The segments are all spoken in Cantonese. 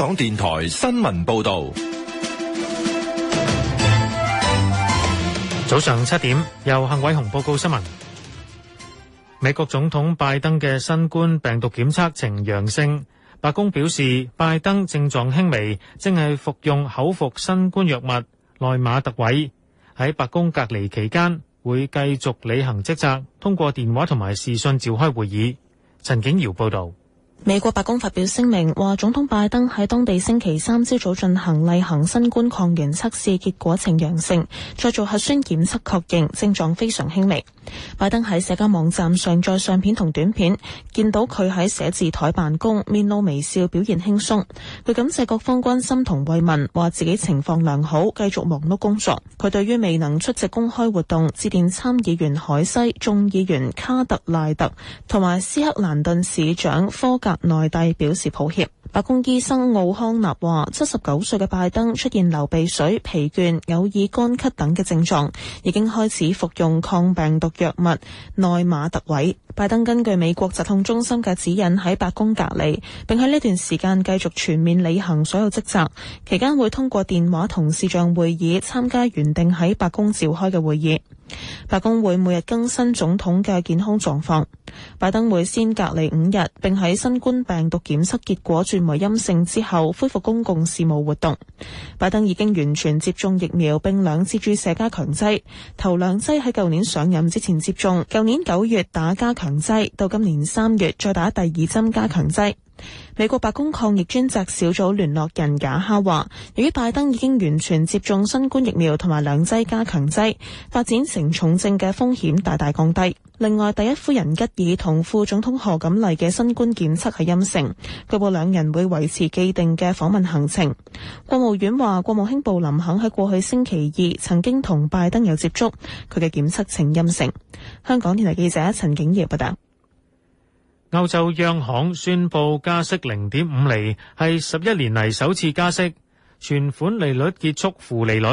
.香港電台新聞報道：早上七點，由幸偉雄報告新聞。美國總統拜登嘅新冠病毒檢測呈陽性，白宮表示拜登症狀輕微，正係服用口服新冠藥物奈馬特韋。喺白宮隔離期間，會繼續履行職責，通過電話同埋視訊召開會議。陳景瑤報道。美國白宮發表聲明，話總統拜登喺當地星期三朝早進行例行新冠抗原測試，結果呈陽性，再做核酸檢測確認症狀非常輕微。拜登喺社交網站上載相片同短片，見到佢喺寫字台辦公，面露微笑，表現輕鬆。佢感謝各方關心同慰問，話自己情況良好，繼續忙碌工作。佢對於未能出席公開活動，致電參議員海西、眾議員卡特賴特同埋斯克蘭頓市長科內地表示抱歉。白宮醫生奧康納話，七十九歲嘅拜登出現流鼻水、疲倦、偶爾乾咳等嘅症狀，已經開始服用抗病毒藥物奈馬特韋。拜登根據美國疾控中心嘅指引喺白宮隔離，並喺呢段時間繼續全面履行所有職責。期間會通過電話同視像會議參加原定喺白宮召開嘅會議。白宮會每日更新總統嘅健康狀況。拜登會先隔離五日，並喺新冠病毒檢測結果轉為陰性之後，恢復公共事務活動。拜登已經完全接種疫苗，並兩次注射加強劑。頭兩劑喺舊年上任之前接種，舊年九月打加強劑，到今年三月再打第二針加強劑。美國白宮抗疫專責小組聯絡人賈哈話，由於拜登已經完全接種新冠疫苗同埋兩劑加強劑，發展成重症嘅風險大大降低。另外，第一夫人吉爾同副總統賀錦麗嘅新冠檢測係陰性，據報兩人會維持既定嘅訪問行程。國務院話，國務卿布林肯喺過去星期二曾經同拜登有接觸，佢嘅檢測呈陰性。香港電台記者陳景瑤報道。歐洲央行宣布加息零點五厘，係十一年嚟首次加息，存款利率結束負利率。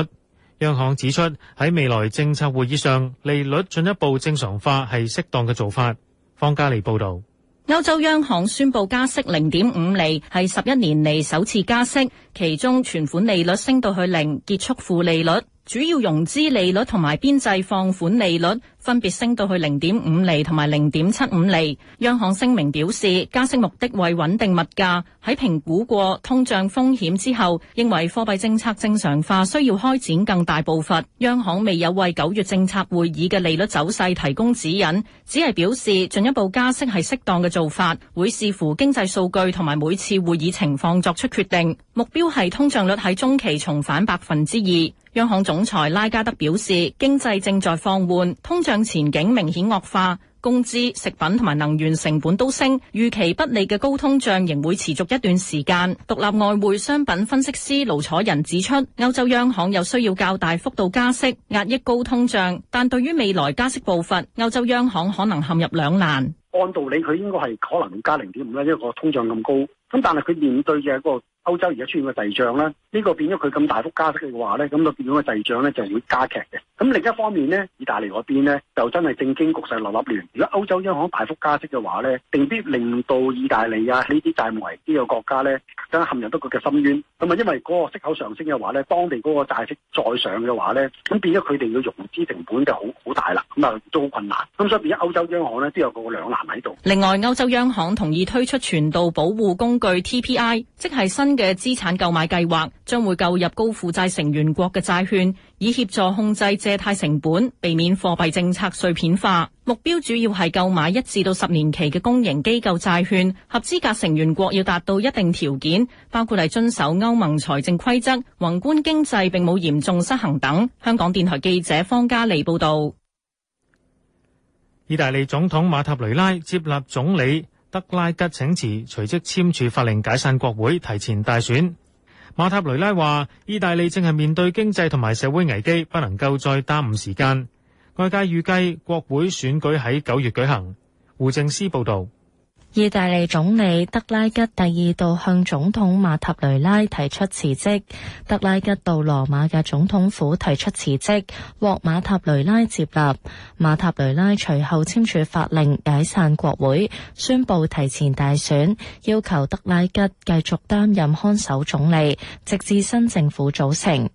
央行指出喺未來政策會議上，利率進一步正常化係適當嘅做法。方家利報道，歐洲央行宣布加息零點五厘，係十一年嚟首次加息，其中存款利率升到去零，結束負利率，主要融資利率同埋邊際放款利率。分別升到去零點五厘同埋零點七五厘。央行聲明表示，加息目的為穩定物價。喺評估過通脹風險之後，認為貨幣政策正常化需要開展更大步伐。央行未有為九月政策會議嘅利率走勢提供指引，只係表示進一步加息係適當嘅做法，會視乎經濟數據同埋每次會議情況作出決定。目標係通脹率喺中期重返百分之二。央行總裁拉加德表示，經濟正在放緩，通脹。前景明顯惡化，工資、食品同埋能源成本都升，預期不利嘅高通脹仍會持續一段時間。獨立外匯商品分析師盧楚仁指出，歐洲央行又需要較大幅度加息，壓抑高通脹。但對於未來加息步伐，歐洲央行可能陷入兩難。按道理佢應該係可能會加零點五啦，因為個通脹咁高。咁但係佢面對嘅一個歐洲而家出現個滯脹啦，呢個變咗佢咁大幅加息嘅話咧，咁就變咗個滯脹咧就會加劇嘅。咁另一方面咧，意大利嗰邊咧就真係政經局勢立立亂。如果歐洲央行大幅加息嘅話咧，定必令到意大利啊呢啲債務危機嘅國家咧，更加陷入得佢嘅深淵。咁啊，因為嗰個息口上升嘅話咧，當地嗰個債息再上嘅話咧，咁變咗佢哋嘅融資成本就好好大啦。咁啊都好困難。咁所以變咗歐洲央行咧都有個兩難喺度。另外，歐洲央行同意推出傳導保護工具 TPI，即係新嘅資產購買計劃將會購入高負債成員國嘅債券，以協助控制借貸成本，避免貨幣政策碎片化。目標主要係購買一至到十年期嘅公營機構債券。合資格成員國要達到一定條件，包括係遵守歐盟財政規則、宏觀經濟並冇嚴重失衡等。香港電台記者方嘉利報道。意大利總統馬塔雷拉接納總理。德拉吉請辭，隨即簽署法令解散國會，提前大選。馬塔雷拉話，意大利正係面對經濟同埋社會危機，不能夠再耽誤時間。外界預計國會選舉喺九月舉行。胡正思報導。意大利總理德拉吉第二度向總統馬塔雷拉提出辭職，德拉吉到羅馬嘅總統府提出辭職，獲馬塔雷拉接納。馬塔雷拉隨後簽署法令解散國會，宣布提前大選，要求德拉吉繼續擔任看守總理，直至新政府組成。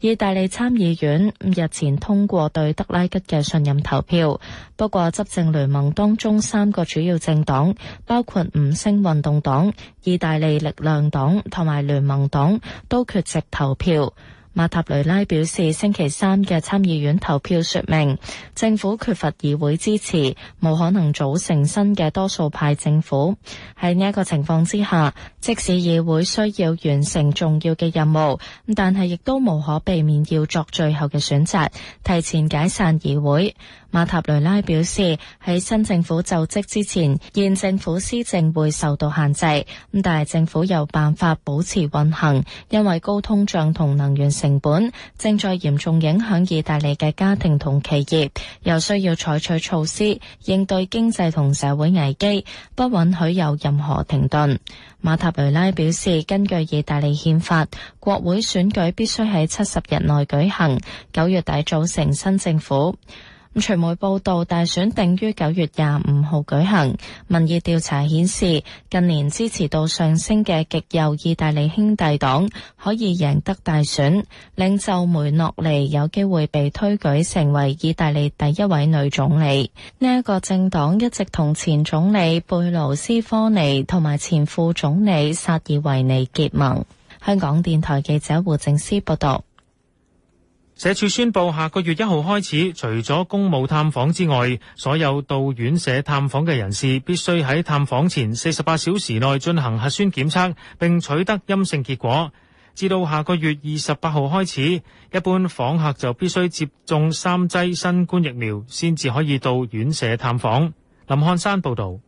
意大利參議院日前通過對德拉吉嘅信任投票，不過執政聯盟當中三個主要政黨，包括五星運動黨、意大利力量黨同埋聯盟黨，都缺席投票。馬塔雷拉表示，星期三嘅參議院投票說明政府缺乏議會支持，冇可能組成新嘅多數派政府。喺呢一個情況之下，即使議會需要完成重要嘅任務，但係亦都無可避免要作最後嘅選擇，提前解散議會。馬塔雷拉表示，喺新政府就職之前，現政府施政會受到限制。咁但係政府有辦法保持運行，因為高通脹同能源成本正在嚴重影響意大利嘅家庭同企業，又需要採取措施應對經濟同社會危機，不允許有任何停頓。馬塔雷拉表示，根據意大利憲法，國會選舉必須喺七十日內舉行，九月底組成新政府。傳媒報道，大選定於九月廿五號舉行。民意調查顯示，近年支持度上升嘅極右意大利兄弟黨可以贏得大選，領袖梅諾尼有機會被推舉成為意大利第一位女總理。呢、這、一個政黨一直同前總理貝盧斯科尼同埋前副總理薩爾維尼結盟。香港電台記者胡正思報道。社署宣布，下個月一號開始，除咗公務探訪之外，所有到院舍探訪嘅人士，必須喺探訪前四十八小時內進行核酸檢測，並取得陰性結果。至到下個月二十八號開始，一般訪客就必須接種三劑新冠疫苗，先至可以到院舍探訪。林漢山報道。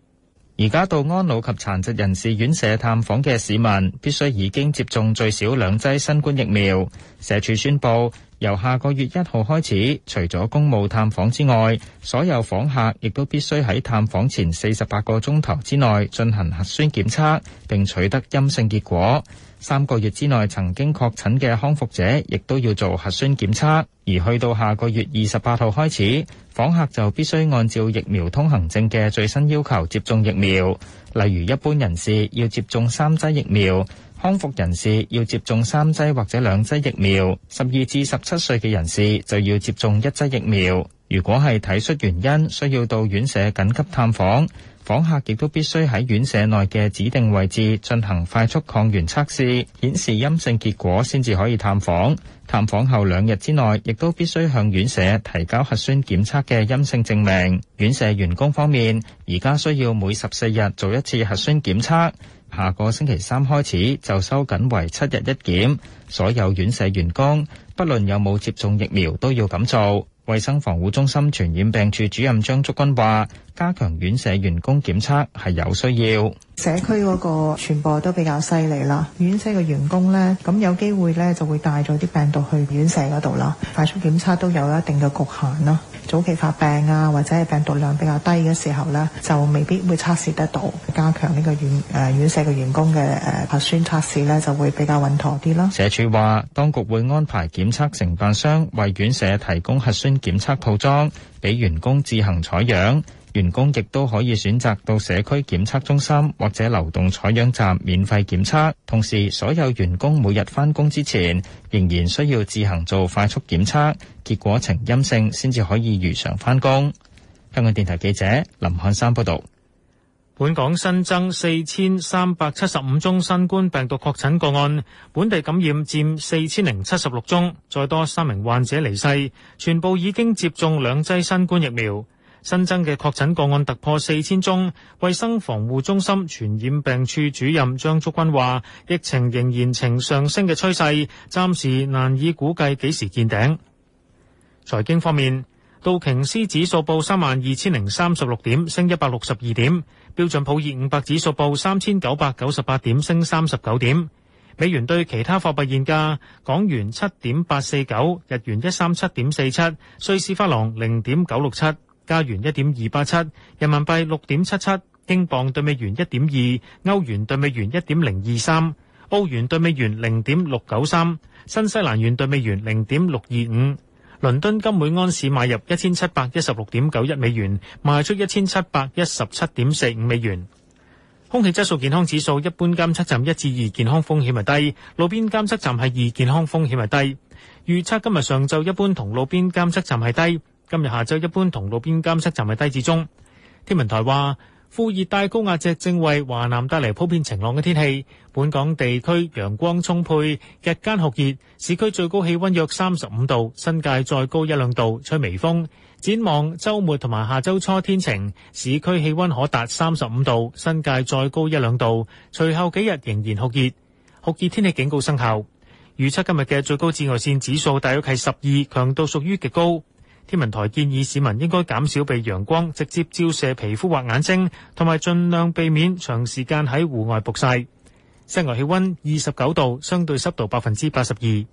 而家到安老及殘疾人士院舍探訪嘅市民，必須已經接種最少兩劑新冠疫苗。社署宣布，由下個月一號開始，除咗公務探訪之外，所有訪客亦都必須喺探訪前四十八個鐘頭之內進行核酸檢測，並取得陰性結果。三個月之內曾經確診嘅康復者，亦都要做核酸檢測。而去到下個月二十八號開始，訪客就必須按照疫苗通行證嘅最新要求接種疫苗，例如一般人士要接種三劑疫苗。康復人士要接種三劑或者兩劑疫苗，十二至十七歲嘅人士就要接種一劑疫苗。如果係體恤原因，需要到院舍緊急探訪，訪客亦都必須喺院舍內嘅指定位置進行快速抗原測試，顯示陰性結果先至可以探訪。探訪後兩日之內，亦都必須向院舍提交核酸檢測嘅陰性證明。院舍員工方面，而家需要每十四日做一次核酸檢測，下個星期三開始就收緊為七日一檢。所有院舍員工，不論有冇接種疫苗，都要咁做。衛生防護中心傳染病處主任張竹君話。加強院舍員工檢測係有需要，社區嗰個傳播都比較犀利啦。院社嘅員工咧，咁有機會咧就會帶咗啲病毒去院社嗰度啦。快速檢測都有一定嘅局限咯，早期發病啊或者係病毒量比較低嘅時候咧，就未必會測試得到。加強呢個院誒嘅、呃、員工嘅核酸測試咧，就會比較穩妥啲啦。社署話，當局會安排檢測承辦商為院舍提供核酸檢測套裝，俾員工自行採樣。員工亦都可以選擇到社區檢測中心或者流動採樣站免費檢測，同時所有員工每日返工之前仍然需要自行做快速檢測，結果呈陰性先至可以如常返工。香港電台記者林漢山報道。本港新增四千三百七十五宗新冠病毒確診個案，本地感染佔四千零七十六宗，再多三名患者離世，全部已經接種兩劑新冠疫苗。新增嘅確診個案突破四千宗，衛生防護中心傳染病處主任張竹君話，疫情仍然呈上升嘅趨勢，暫時難以估計幾時見頂。財經方面，道瓊斯指數報三萬二千零三十六點，升一百六十二點；標準普爾五百指數報三千九百九十八點，升三十九點。美元兌其他貨幣現價：港元七點八四九，日元一三七點四七，瑞士法郎零點九六七。加元一點二八七，7, 人民幣六點七七，英鎊兌美元一點二，歐元兌美元一點零二三，澳元兌美元零點六九三，新西蘭元兌美元零點六二五。倫敦金每安士買入一千七百一十六點九一美元，賣出一千七百一十七點四五美元。空氣質素健康指數一般監測站一至二，健康風險係低，路邊監測站係二，健康風險係低。預測今日上晝一般同路邊監測站係低。今日下晝一般同路邊監測站係低至中。天文台話，副熱帶高壓脊正為華南帶嚟普遍晴朗嘅天氣。本港地區陽光充沛，日間酷熱，市區最高氣温約三十五度，新界再高一兩度，吹微風。展望周末同埋下周初天晴，市區氣温可達三十五度，新界再高一兩度。隨後幾日仍然酷熱，酷熱天氣警告生效。預測今日嘅最高紫外線指數大約係十二，強度屬於極高。天文台建議市民應該減少被陽光直接照射皮膚或眼睛，同埋盡量避免長時間喺戶外曝曬。室外氣温二十九度，相對濕度百分之八十二。